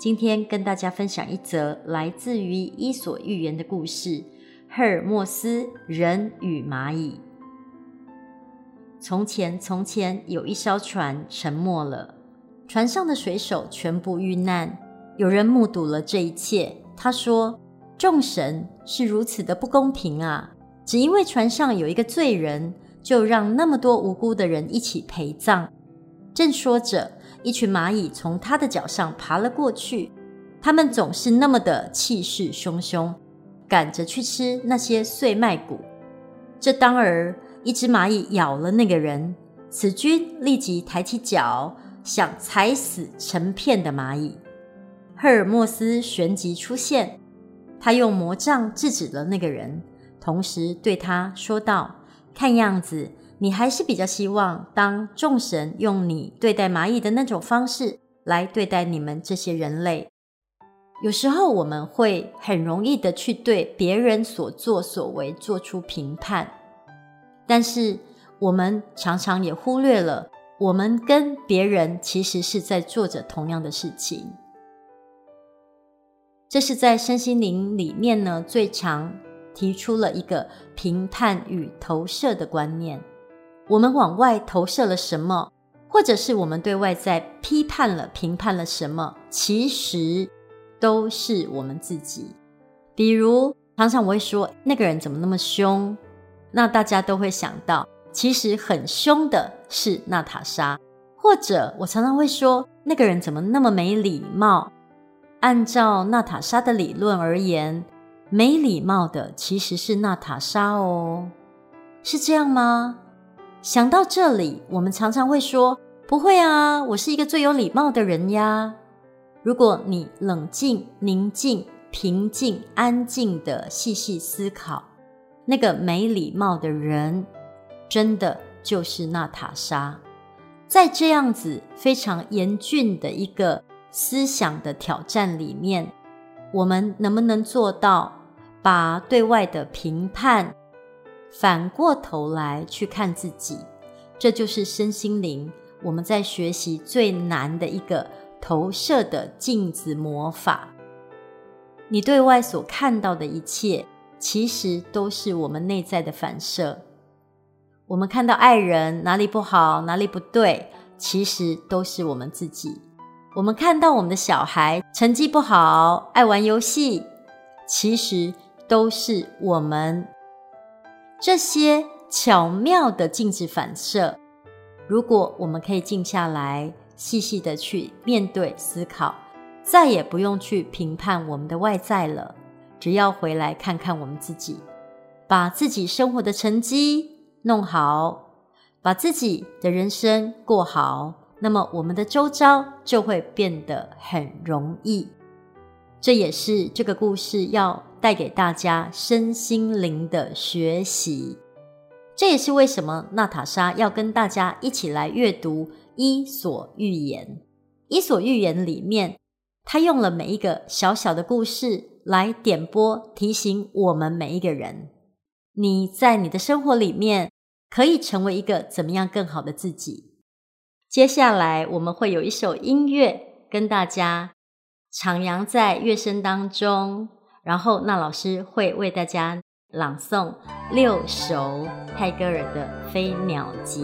今天跟大家分享一則來自於《伊索寓言》的故事，《赫爾墨斯人與螞蟻》。從前，從前有一艘船沉沒了，船上的水手全部遇難。有人目睹了這一切，他說：“眾神是如此的不公平啊！只因為船上有一個罪人，就讓那麼多無辜的人一起陪葬。”正說着。一群螞蟻從他的腳上爬了過去，他們總是那麼的氣勢洶洶，趕着去吃那些碎麥穀。這當兒，一隻螞蟻咬了那個人，此君立即抬起腳想踩死成片的螞蟻。赫爾墨斯旋即出現，他用魔杖制止了那個人，同時對他說道：“看樣子。”你還是比較希望當眾神用你對待螞蟻的那種方式來對待你們這些人類？有時候我們會很容易的去對別人所作所為做出評判，但是我們常常也忽略了，我們跟別人其實是在做着同樣的事情。這是在身心靈裡面呢，最常提出了一個評判與投射的觀念。我們往外投射了什麼，或者是我們對外在批判了、評判了什麼，其實都是我們自己。比如，常常我會說那個人怎麼那麼凶，那大家都會想到，其實很凶的是娜塔莎。或者，我常常會說那個人怎麼那麼沒禮貌，按照娜塔莎的理論而言，沒禮貌的其實是娜塔莎哦，是這樣嗎？想到這裡，我們常常會說：“不會啊，我是一個最有禮貌的人呀。”如果你冷靜、寧靜、平靜、安靜地細細思考，那個沒禮貌的人，真的就是娜塔莎。在這樣子非常嚴峻的一個思想的挑戰裡面，我們能不能做到把對外的評判，反過頭來去看自己，這就是身心靈。我們在學習最難的一個投射的鏡子魔法。你對外所看到的一切，其實都是我們內在的反射。我們看到愛人哪裡不好，哪裡不對，其實都是我們自己。我們看到我們的小孩成績不好，愛玩遊戲，其實都是我們。這些巧妙的鏡子反射，如果我們可以靜下來，細細的去面對思考，再也不用去評判我們的外在了。只要回來看看我們自己，把自己生活的成績弄好，把自己的人生過好，那麼我們的周遭就會變得很容易。這也是這個故事要帶給大家身心靈的學習，這也是為什麼娜塔莎要跟大家一起來閱讀《伊索寓言》。《伊索寓言》裡面，他用了每一個小小的故事來點撥提醒我們每一個人：你在你的生活裡面可以成為一個怎麼樣更好的自己。接下來我們會有一首音樂跟大家徜徉在樂聲當中。然後，那老師會為大家朗誦六首泰戈爾的《飛鳥集》。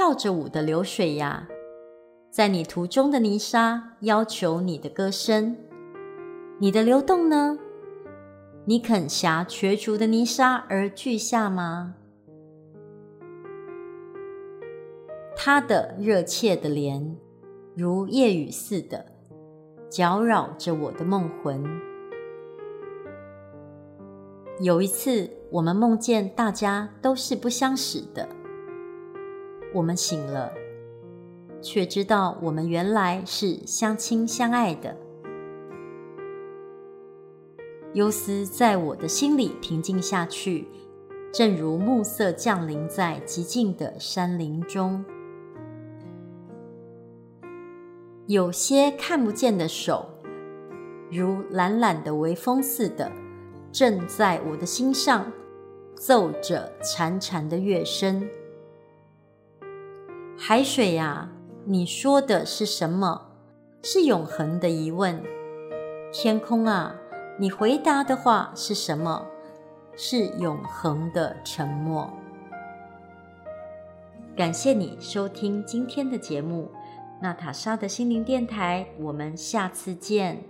跳着舞的流水呀，在你途中的泥沙要求你的歌聲，你的流動呢？你肯挾瘸足的泥沙而俱下嗎？他的熱切的臉，如夜雨似的，攪擾着我的夢魂。有一次，我們夢見大家都是不相識的。我們醒了，卻知道我們原來是相親相愛的。憂思在我的心裡平靜下去，正如暮色降臨在寂靜的山林中。有些看不見的手，如懶懶的微風似的，正在我的心上奏着潺潺的樂聲。海水啊，你說的是什麼？是永恆的疑問。天空啊，你回答的話是什麼？是永恆的沉默。感謝你收聽今天的節目，《娜塔莎的心靈電台》，我們下次見。